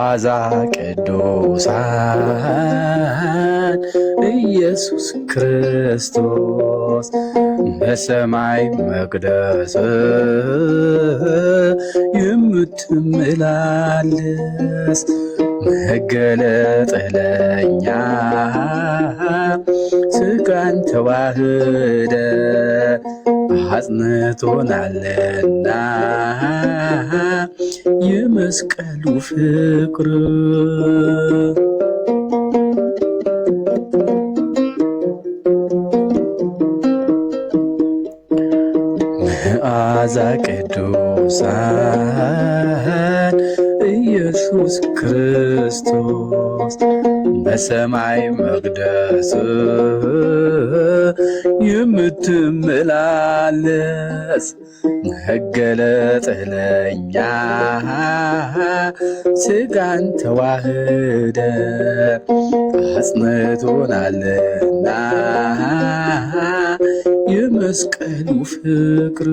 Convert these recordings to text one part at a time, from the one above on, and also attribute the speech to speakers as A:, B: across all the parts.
A: አዛ ቅዱሳን ኢየሱስ ክርስቶስ በሰማይ መቅደስ የምትመላለስ መገለጠለኛ ስጋን ተዋህደ አጽንቶናልና የመስቀሉ ፍቅር መዓዛ ቅዱሳን ኢየሱስ ክርስቶስ በሰማይ መቅደስ የምትመላለስ ነገለ ጥለኛ ስጋን ተዋህደ አጽንቶናልና የመስቀሉ ፍቅር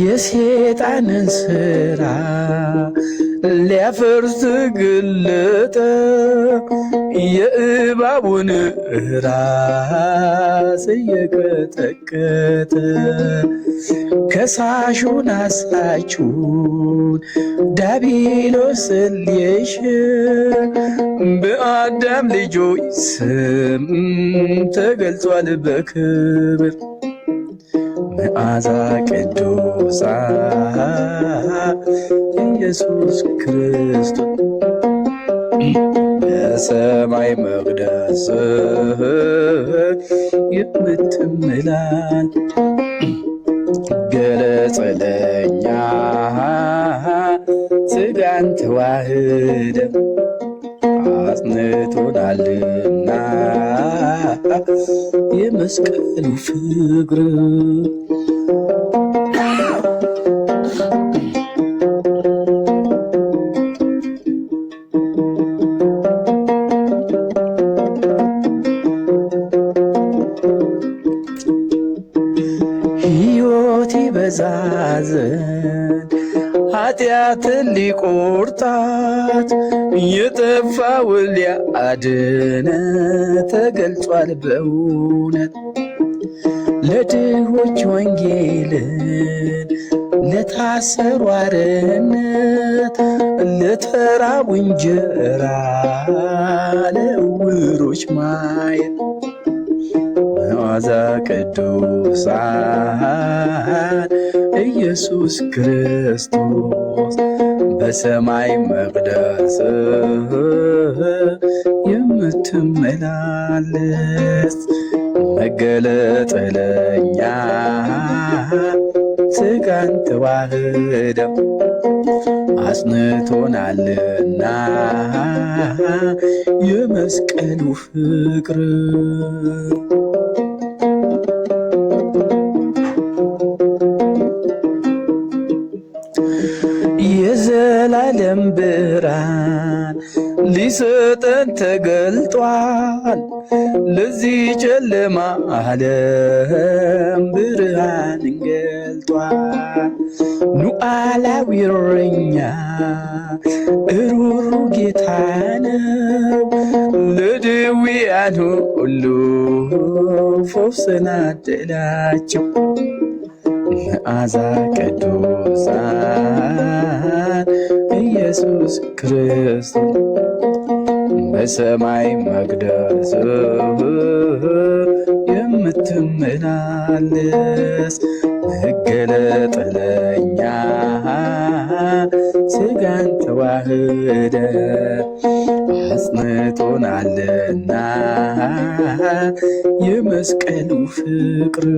A: የሴጣንን ስራ ሊያፈርስ ገለጠ የእባቡን ራስ እየቀጠቀጠ ከሳሹን አሳቹን ዳቢሎስ ሊሽ በአዳም ልጆች ስም ተገልጿል በክብር መዓዛ ቅዱሳን ኢየሱስ ክርስቶስ በሰማይ መቅደስ የምትምላል ገለጸለኛ ስጋን ተዋህደ አጽንቶናልና የመስቀሉ ፍቅር መዛዘን ኃጢአትን ሊቆርጣት የጠፋውን ሊያድን ተገልጿል በእውነት ለድሆች ወንጌልን ለታሰሩ አርነት ለተራቡ እንጀራ ለዕውሮች ማየት መዓዛ ቅዱሳን ኢየሱስ ክርስቶስ በሰማይ መቅደስ የምትመላለስ መገለጠለኛ ስጋን ተዋህደ አጽንቶናልና የመስቀሉ ፍቅር ሊሰጠን ተገልጧል። ለዚህ ጨለማ ዓለም ብርሃን እንገልጧል። ሉዓላዊ እረኛ እሩሩ ጌታ ነው። ለድውያን ሁሉ ፈውስን አደላቸው። መዓዛ ቅዱሳን ኢየሱስ ክርስቶስ በሰማይ መቅደስ የምትመላለስ መገለጠለኛ ስጋን ተዋህደ አጽንቶናልና የመስቀሉ ፍቅር